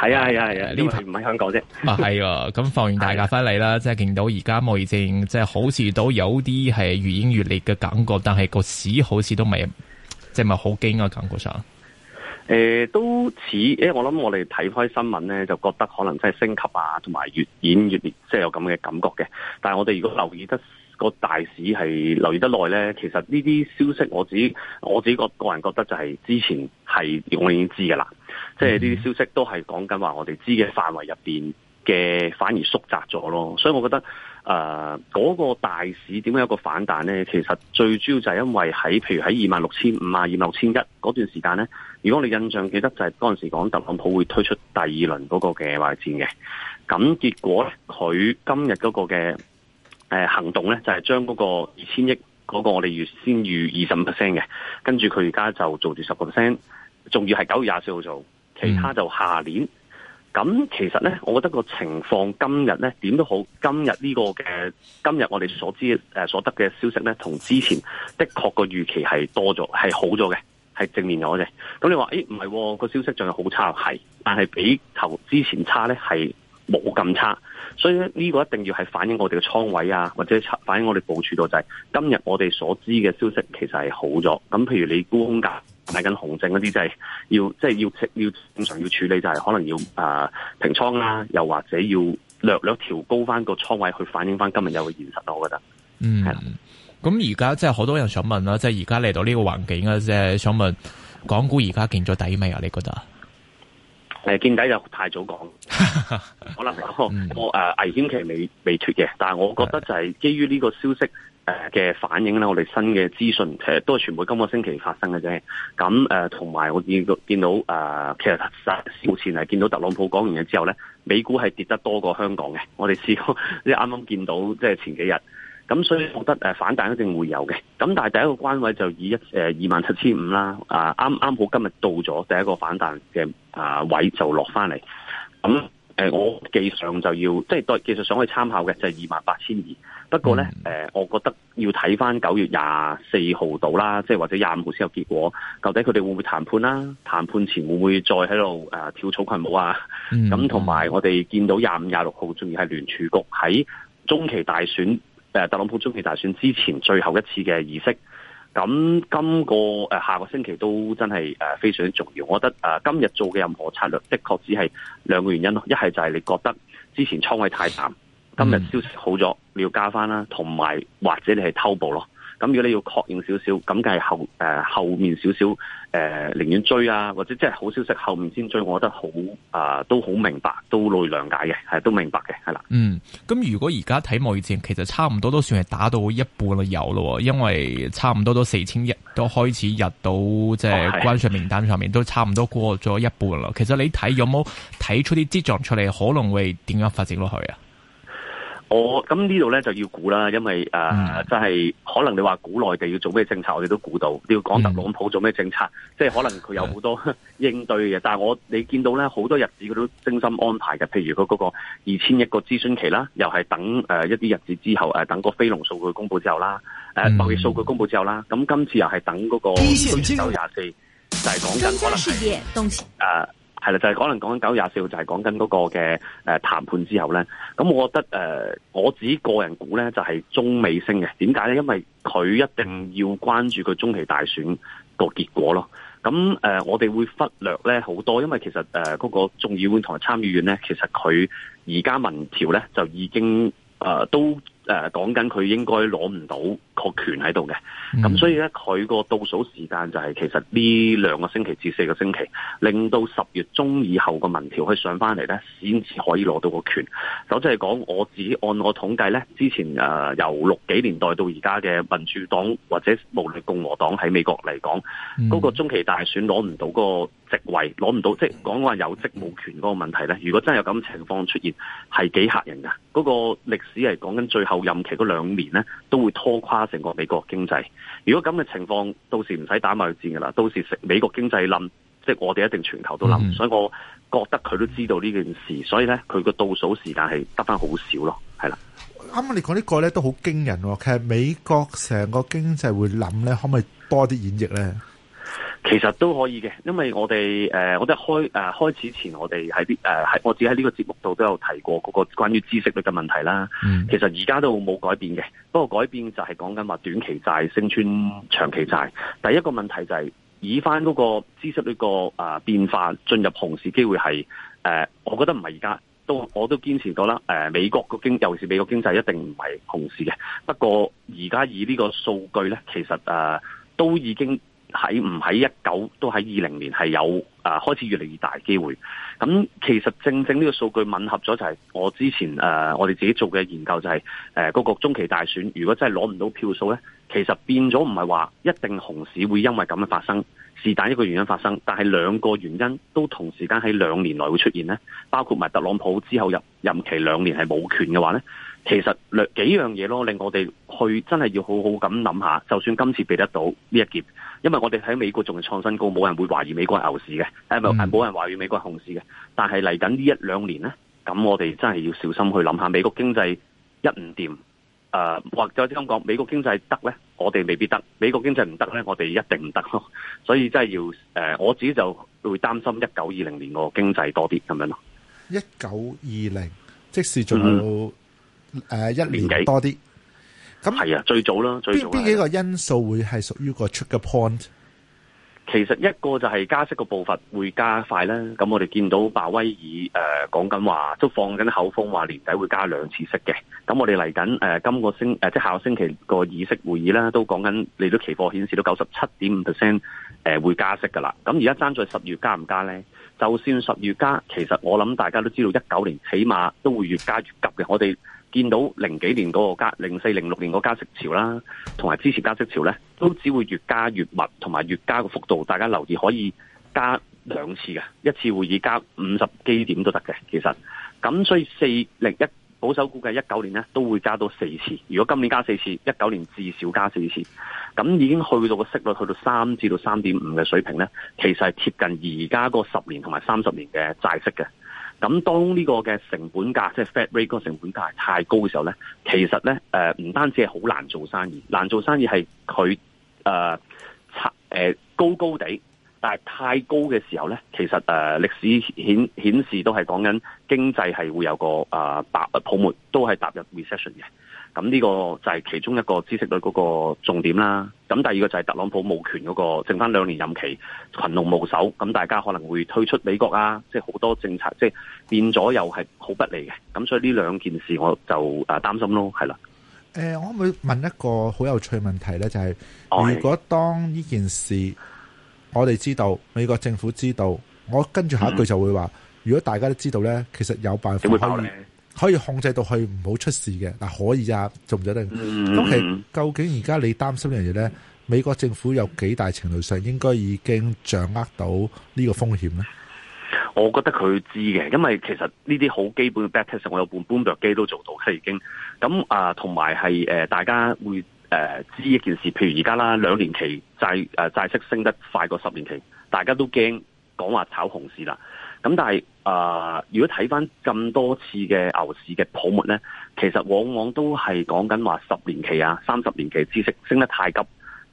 係啊係啊係啊！呢排唔喺香港啫。 啊係，咁放完大假翻嚟，啦，即係、 啊、見到而家貿易戰，即、就、係、是、好似都有啲係愈演愈烈嘅感覺，但係個市好似都未，即係咪好驚啊？感覺上，誒、呃，都似，因為我諗我哋睇開新聞咧，就覺得可能真係升級啊，同埋越演越烈，即、就、係、是、有咁嘅感覺嘅。但係我哋如果留意得，個大市係留意得耐呢。其實呢啲消息我自己我自己個個人覺得就係之前係我已經知噶啦，即係呢啲消息都係講緊話我哋知嘅範圍入邊嘅，反而縮窄咗咯，所以我覺得誒嗰、呃嗰個大市點解有個反彈呢？其實最主要就係因為喺譬如喺二萬六千五啊，二萬六千一嗰段時間呢。如果你印象記得，就係嗰陣時講特朗普會推出第二輪嗰個嘅貿易戰嘅，咁結果呢，佢今日嗰個嘅。誒行動咧，就係、是、將嗰個二千億嗰個，我哋預先預二十五 percent 嘅，跟住佢而家就做住十個 percent，仲要係九月廿四號做，其他就下年。咁、嗯嗯、其實咧，我覺得個情況今日咧點都好，今日呢、呢個嘅今日我哋所知、呃、所得嘅消息咧，同之前的確個預期係多咗，係好咗嘅，係正面咗嘅。咁你話，誒唔係喎，個消息仲係好差，係，但係比投之前差咧係。冇咁差，所以呢個一定要係反映我哋嘅倉位啊，或者反映我哋部署到就係、是、今日我哋所知嘅消息其實係好咗。咁譬如你沽空價買緊紅證嗰啲，就係、是、要即係要要正常要處理，就係可能要、呃、平倉啊平倉啦，又或者要略略調高翻個倉位去反映翻今日有個現實咯。我覺得，嗯，係啦。咁而家即係好多人想問啦，即係而家嚟到呢個環境啊，即係想問港股而家見咗底未啊？你覺得？誒，見底又太早講， 好啦，個誒危險期未未脱嘅，但係我覺得就係基於呢個消息誒嘅反應咧，我哋新嘅資訊都係全部今個星期發生嘅啫。咁誒，同、呃、埋我見到見到誒、呃，其實實早前係見到特朗普講完嘢之後咧，美股係跌得多過香港嘅。我哋試過，即係啱啱見到，即係前幾日。咁所以我覺得反彈一定會有嘅，咁但係第一個關位就以一誒二萬七千五啦，啊，啱啱好今日到咗第一個反彈嘅啊位就落翻嚟。咁、呃、我記上就要即係技術上去參考嘅就係二萬八千二。不過咧、嗯呃、我覺得要睇翻九月廿四號到啦，即係或者廿五號先有結果。究竟佢哋會唔會談判啦？談判前會唔會再喺度、呃、跳草裙舞啊？咁同埋我哋見到廿五、廿六號仲要係聯儲局喺中期大選。誒、呃，特朗普中期大選之前最後一次嘅議息，咁今個、呃、下個星期都真係、呃、非常之重要。我覺得、呃、今日做嘅任何策略，的確只係兩個原因咯，一係就係你覺得之前倉位太淡，今日消息好咗，你要加返啦，同埋或者你係偷步咯。咁如果你要確認少少，咁梗係後誒、呃、後面少少誒，寧願追啊，或者即係好消息後面先追，我覺得好啊、呃，都好明白，都好理解嘅，係都明白嘅，係啦。嗯，咁如果而家睇貿易戰，其實差唔多都算係打到一半啦，有咯，因為差唔多都四千億都開始入到即係、就是、關稅名單上面，哦、都差唔多過咗一半啦。其實你睇有冇睇出啲跡象出嚟，可能會點樣發展落去啊？我咁呢度咧就要估啦，因為誒真係可能你話估內地要做咩政策，我哋都估到。你要講特朗普做咩政策，即係、嗯、可能佢有好多、嗯、應對嘅。但係我你見到咧好多日子佢都精心安排嘅，譬如佢嗰個二千億個諮詢期啦，又係等誒、呃、一啲日子之後誒、呃、等個非農數據公布之後啦，誒貿、嗯、呃、易數據公布之後啦，咁今次又係等嗰個24，就。一綫經廿四。就係講緊。啊西。呃係啦，就係可能講緊九廿四號，就係講緊嗰個嘅談判之後咧。咁我覺得誒，我自己個人估咧，就係中美升嘅。點解咧？因為佢一定要關注佢中期大選個結果咯。咁誒，我哋會忽略咧好多，因為其實誒嗰個眾議院同埋參議院咧，其實佢而家民調咧就已經誒都。誒，講緊佢應該攞唔到個權喺度嘅，咁、嗯、所以咧佢個倒數時間就係其實呢兩個星期至四個星期，令到十月中以後嘅民調去上翻嚟，咧，先至可以攞到個權。總之嚟講，我自己按我統計咧，之前誒、呃、由六幾年代到而家嘅民主黨或者無論共和黨喺美國嚟講，嗰、嗯、個中期大選攞唔到個職位，攞唔到即係講話有職冇權嗰個問題咧。如果真係有咁情況出現，係幾吓人噶。嗰、那個歷史係講緊最後任期嗰兩年咧，都會拖垮成個美國經濟。如果咁嘅情況，到時唔使打貿易戰噶啦，到時食美國經濟冧，即係我哋一定全球都冧。嗯、所以我覺得佢都知道呢件事，所以咧佢個倒數時間係得翻好少咯。係啦，啱啱你講呢個咧都好驚人喎。其實美國成個經濟會冧咧，可唔可以多啲演繹咧？其實都可以嘅，因為我哋誒、呃，我開誒、呃、開始前我、呃，我哋喺啲誒，我自己喺呢個節目度都有提過嗰個關於知識率嘅問題啦。嗯、其實而家都冇改變嘅，不過改變就係講緊話短期債升穿長期債。嗯、第一個問題就係、是、以翻嗰個知識率個誒變化進入熊市機會係誒、呃，我覺得唔係而家都我都堅持到啦。誒、呃，美國個經尤其是美國經濟一定唔係熊市嘅，不過而家以這個數據呢個數據咧，其實誒、呃、都已經。喺唔喺一九都喺二零年係有啊、呃、開始越嚟越大機會，咁其實正正呢個數據吻合咗就係我之前誒、呃、我哋自己做嘅研究就係誒嗰個中期大選，如果真係攞唔到票數咧，其實變咗唔係話一定熊市會因為咁嘅發生，是但一個原因發生，但係兩個原因都同時間喺兩年內會出現咧，包括埋特朗普之後任任期兩年係冇權嘅話咧。其實幾樣嘢咯，令我哋去真係要好好咁諗下。就算今次避得到呢一劫，因為我哋喺美國仲係創新高，冇人會懷疑美國係牛市嘅，係咪、嗯？冇人懷疑美國係熊市嘅。但係嚟緊呢一兩年呢，咁我哋真係要小心去諗下美國經濟一唔掂，誒，或者咁講美國經濟得呢，我哋未必得。美國經濟唔得呢，我哋一定唔得咯。所以真係要誒、呃，我自己就會擔心一九二零年個經濟多啲咁樣咯。一九二零，1920, 即使。仲有，嗯。誒、呃，一年幾多啲？咁係紀那啊，最早啦。最早呢哪幾個因素會係屬於個出嘅 point？其實一個就係加息嘅步伐會加快啦。咁我哋見到鮑威爾誒講緊話，都放緊口風話年底會加兩次息嘅。咁我哋嚟緊誒今個星誒、呃、即係下個星期個議息會議咧，都講緊嚟到期貨顯示到九十七點五 percent 誒會加息噶啦。咁而家爭在十月加唔加咧？就算十月加，其實我諗大家都知道一九年起碼都會越加越急嘅。我哋。見到零幾年嗰個加零四零六年嗰加息潮啦，同埋之前加息潮咧，都只會越加越密，同埋越加個幅度。大家留意可以加兩次嘅，一次會議加五十基點都得嘅。其實咁，所以四零一保守估計一九年咧都會加多四次。如果今年加四次，一九年至少加四次。咁已經去到個息率去到三至到三點五嘅水平咧，其實係貼近而家個十年同埋三十年嘅債息嘅。咁當呢個嘅成本價，即係 Fed rate 嗰個成本價太高嘅時候咧，其實咧誒唔單止係好難做生意，難做生意係佢誒高高地，但係太高嘅時候咧，其實誒歷史顯示都係講緊經濟係會有個誒白泡沫，都係踏入 recession 嘅。咁呢個就係其中一個知識率嗰個重點啦。咁第二個就係特朗普冇權嗰個，剩翻兩年任期，群龍無首。咁大家可能會退出美國啊，即係好多政策，即係變咗又係好不利嘅。咁所以呢兩件事，我就誒擔心咯，係啦。誒、欸，我可唔可以問一個好有趣問題呢，就係、是、如果當呢件事，我哋知道美國政府知道，我跟住下一句就會話，嗯、如果大家都知道呢，其實有辦法可以。可以控制到佢唔好出事嘅，嗱、啊、可以啊，做唔做得？咁其實究竟而家你擔心呢樣嘢咧，美國政府有幾大程度上應該已經掌握到呢個風險咧？我覺得佢知嘅，因為其實呢啲好基本嘅 backtest，我有半彭博機都做到嘅已經。咁啊，同埋係大家會誒、呃、知一件事，譬如而家啦，兩年期債誒、呃、債息升得快過十年期，大家都驚講話炒熊市啦。咁但係，誒、呃，如果睇翻咁多次嘅牛市嘅泡沫呢，其實往往都係講緊話十年期啊、三十年期知識升得太急，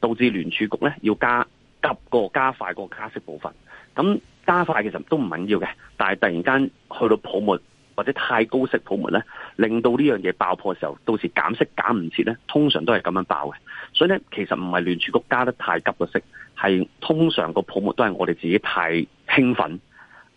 導致聯儲局呢要加急個加快個加，加息步伐。咁加快其實都唔緊要嘅，但係突然間去到泡沫或者太高息泡沫呢，令到呢樣嘢爆破嘅時候，到時減息減唔切呢，通常都係咁樣爆嘅。所以呢，其實唔係聯儲局加得太急嘅息，係通常個泡沫都係我哋自己太興奮。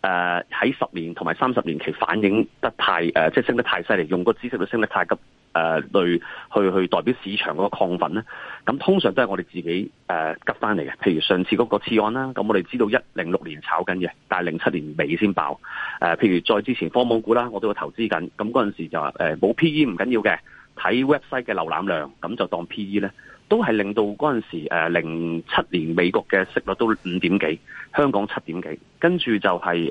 誒，喺、呃、十年同埋三十年期反映得太誒、呃，即係升得太犀利，用個知識都升得太急誒，嚟、呃、去去代表市場嗰個亢奮咧。咁通常都係我哋自己誒急翻嚟嘅。譬如上次嗰個次案啦，咁我哋知道一零六年炒緊嘅，但係零七年尾先爆。誒、呃，譬如再之前科網股啦，我都有投資緊，咁嗰陣時候就話誒冇 P E 唔緊要嘅，睇 website 嘅瀏覽量，咁就當 P E 咧。都係令到嗰陣時，誒、呃，零七年美國嘅息率都五點幾，香港七點幾，跟住就係、是、誒，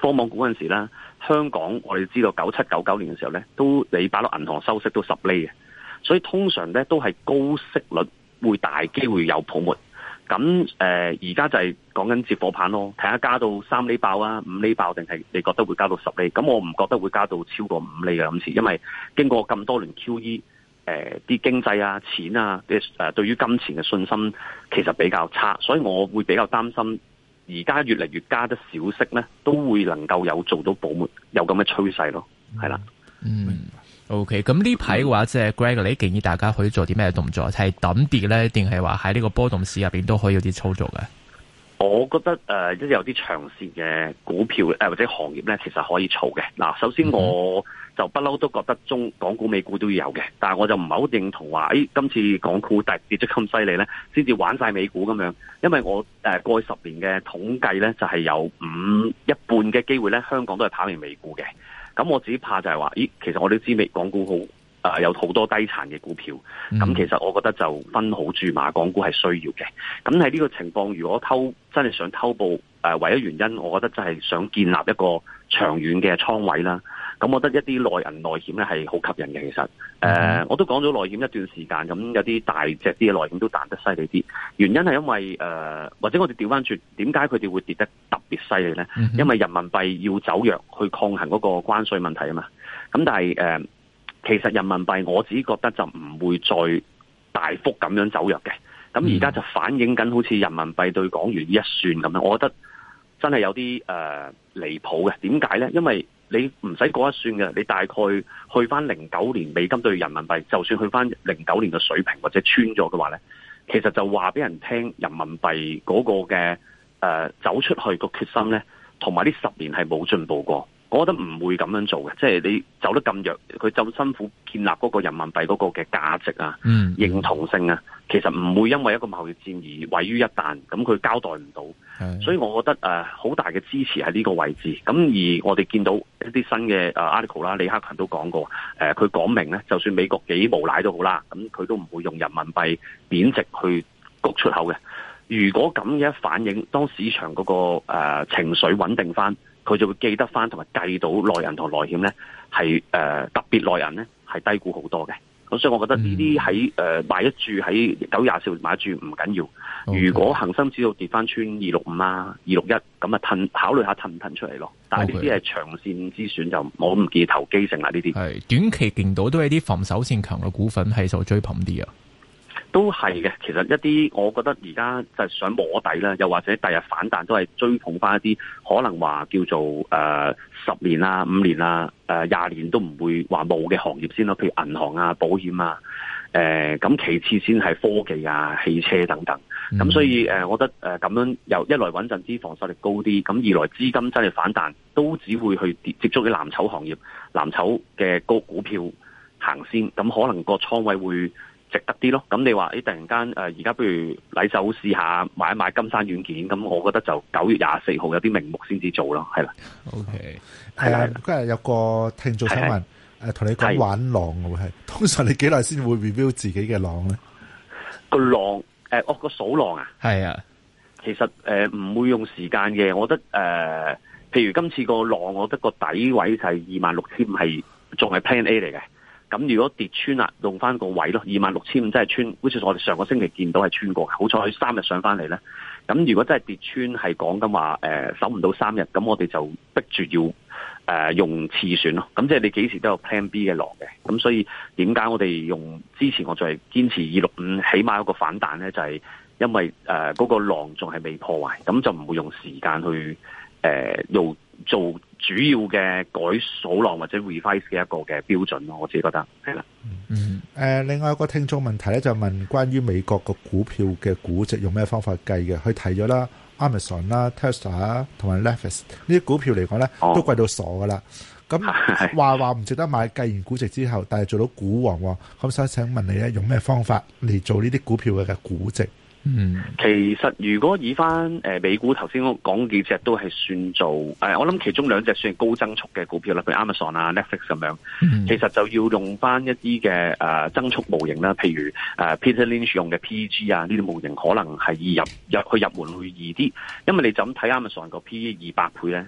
科、呃、網股嗰陣時咧，香港我哋知道九七九九年嘅時候咧，都你擺落銀行收息都十厘嘅，所以通常咧都係高息率會大機會有泡沫。咁誒，而、呃、家就係講緊接火棒咯，睇下加到三厘爆啊，五厘爆定係你覺得會加到十厘？咁我唔覺得會加到超過五厘嘅咁次，因為經過咁多輪 QE。誒，啲、呃、經濟啊、錢啊，啲、呃、誒，對於金錢嘅信心其實比較差，所以我會比較擔心，而家越嚟越加得少息咧，都會能夠有做到保末有咁嘅趨勢咯，係啦，嗯，嗯，OK，咁呢排嘅話即係 Gregory 建議大家可以做啲咩動作，係抌跌咧，定係話喺呢個波動市入邊都可以有啲操作嘅。我覺得誒，呃、有一有啲長線嘅股票誒、呃、或者行業咧，其實可以炒嘅。嗱，首先我、嗯。就不嬲都覺得中港股、美股都要有嘅，但係我就唔係好認同話，誒、哎、今次港股跌跌得咁犀利咧，先至玩晒美股咁樣。因為我誒、呃、過去十年嘅統計咧，就係、是、有五一半嘅機會咧，香港都係跑贏美股嘅。咁我只怕就係話，誒其實我都知美港股好、呃、有好多低殘嘅股票，咁其實我覺得就分好注碼港股係需要嘅。咁喺呢個情況，如果偷真係想偷步誒、呃，唯一原因，我覺得就係想建立一個長遠嘅倉位啦。咁，我覺得一啲內銀內險咧，係好吸引嘅，其實，誒、uh，我都講咗內險一段時間，咁有啲大隻啲嘅內險都彈得犀利啲。原因係因為誒、呃，或者我哋調翻轉，點解佢哋會跌得特別犀利咧？Mm hmm. 因為人民幣要走弱去抗衡嗰個關稅問題啊嘛。咁但係誒、呃，其實人民幣我自己覺得就唔會再大幅咁樣走弱嘅。咁而家就反映緊好似人民幣對港元一算咁樣，我覺得真係有啲誒、呃、離譜嘅。點解咧？因為你唔使過一算嘅，你大概去翻零九年美金對人民幣，就算去翻零九年嘅水平或者穿咗嘅話呢，其實就話俾人聽，人民幣嗰個嘅誒、呃、走出去個決心呢，同埋呢十年係冇進步過。我覺得唔會咁樣做嘅，即係你走得咁弱，佢就辛苦建立嗰個人民幣嗰個嘅價值啊、嗯嗯、認同性啊，其實唔會因為一個貿易戰而毀於一旦。咁佢交代唔到，的所以我覺得誒好、呃、大嘅支持喺呢個位置。咁而我哋見到一啲新嘅誒 article 啦，李克勤都講過誒，佢、呃、講明咧，就算美國幾無賴都好啦，咁佢都唔會用人民幣貶值去谷出口嘅。如果咁嘅一反映當市場嗰、那個、呃、情緒穩定翻。佢就會記得翻同埋計到內銀同內險咧、呃，係誒特別內銀咧係低估好多嘅。咁所以，我覺得呢啲喺誒買一注喺九廿四買一注唔緊要。Okay 如果恒生指數跌翻穿二六五啊，二六一咁啊，褪考慮下褪唔褪出嚟咯。但係呢啲係長線之選 Okay 就冇唔見投機性啦。呢啲係短期見到都係啲防守性強嘅股份係受追捧啲啊。都係嘅，其實一啲我覺得而家就係想摸底啦，又或者第日反彈都係追捧翻一啲可能話叫做誒十、呃、年啦、啊、五年啦、啊、誒、呃、廿年都唔會話冇嘅行業先咯，譬如銀行啊、保險啊，誒、呃、咁其次先係科技啊、汽車等等。咁、嗯、所以誒、呃，我覺得誒咁樣由一來穩陣啲防守力高啲，咁二來資金真係反彈都只會去接觸啲藍籌行業、藍籌嘅高股票行先，咁可能個倉位會。值得啲咯，咁你話誒突然間誒而家不如嚟手試下買，買一買金山軟件，咁我覺得就九月廿四號有啲名目先至做咯，係啦。OK，係啊，今日的有個聽眾請問誒同你講玩浪嘅會係，通常你幾耐先會 review 自己嘅浪咧、呃哦？個浪誒我個數浪啊，係啊的，其實誒唔、呃、會用時間嘅，我覺得誒、呃，譬如今次個浪，我覺得個底位就係二萬六千係仲係 Plan A 嚟嘅。咁如果跌穿啦，用翻個位咯，二萬六千五真係穿，好似我哋上個星期見到係穿過，好彩佢三日上翻嚟咧。咁如果真係跌穿，係講緊話誒守唔到三日，咁我哋就逼住要誒、呃、用次選咯。咁即係你幾時都有 Plan B 嘅狼嘅。咁所以點解我哋用之前我係堅持二六五，起碼一個反彈咧，就係、是、因為誒嗰、呃那個浪仲係未破壞，咁就唔會用時間去誒、呃、用做。主要嘅改數量或者 revise 嘅一個嘅標準咯，我自己覺得係啦。嗯，誒、呃，另外一個聽眾問題咧，就是、問關於美國個股票嘅估值用咩方法計嘅？佢提咗啦，Amazon 啦、Amazon, Tesla 同埋 Netflix 呢啲股票嚟講咧，哦、都貴到傻噶啦。咁的話話唔值得買，計完估值之後，但係做到股王喎、哦。咁所以請問你咧，用咩方法嚟做呢啲股票嘅估值？嗯，其實如果以翻，誒美股頭先講幾隻都係算做誒，我諗其中兩隻算係高增速嘅股票啦，譬如 Amazon 啊、Netflix 咁樣，其實就要用翻一啲嘅誒增速模型啦，譬如誒 Peter Lynch 用嘅 PEG 啊，呢啲模型可能係易入入去入，入門會易啲，因為你就咁睇 Amazon 個 PE 二百倍咧。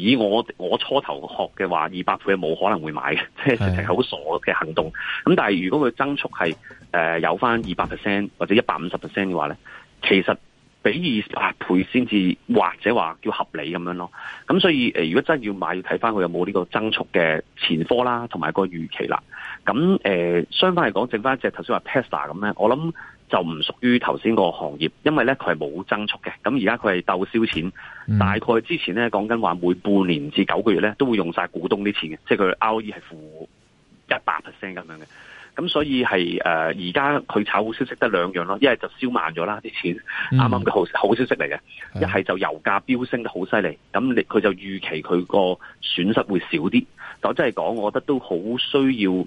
以我我初頭學嘅話，二百倍冇可能會買嘅，即係好傻嘅行動。咁但係如果佢增速係誒有翻二百 percent 或者一百五十 percent 嘅話咧，其實比二百倍先至或者話叫合理咁樣咯。咁所以誒如果真係要買，要睇翻佢有冇呢個增速嘅前科啦，同埋個預期啦。咁誒、呃，相反嚟講，剩翻一隻頭先話 Tesla 咁咧，esta，我諗就唔屬於頭先個行業，因為咧佢係冇增速嘅。咁而家佢係鬥燒錢，嗯、大概之前咧講緊話每半年至九個月咧都會用曬股東啲錢嘅，即係佢 ROE 係負一百 percent 咁樣嘅。咁所以係誒，而家佢炒好消息得兩樣咯，一係就燒慢咗啦啲錢，啱啱嘅好好消息嚟嘅；一係就油價飆升得好犀利，咁佢就預期佢個損失會少啲。講真係講，我覺得都好需要。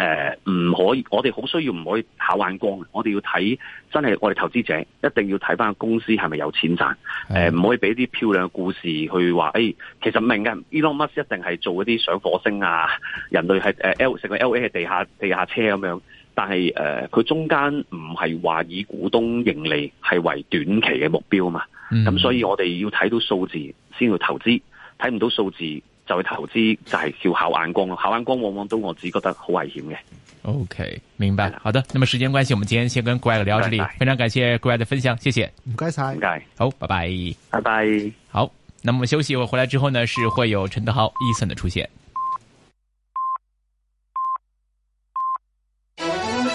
誒，唔、呃、可以，我哋好需要唔可以考眼光，我哋要睇真係，我哋投資者一定要睇翻公司係咪有錢賺。誒、呃，唔可以俾啲漂亮嘅故事去話，誒、欸，其實明嘅，Elon Musk 一定係做一啲上火星啊，人類係誒 L 成個 L A 係地下地下車咁樣，但係誒，佢、呃、中間唔係話以股東盈利係為短期嘅目標啊嘛，咁、嗯嗯、所以我哋要睇到數字先去投資，睇唔到數字。就會投資就係、是、要靠眼光咯，靠眼光往往都我自己覺得好危險嘅。OK，明白，Yeah. 好的。那麼時間關係，我們今天先跟 Guai 聊,聊這裡，非常感謝 Guai 的分享，謝謝。唔該晒，唔該。好，拜拜，拜拜。好，那麼休息，我回來之後呢，是會有陳德豪、Eason 的出現。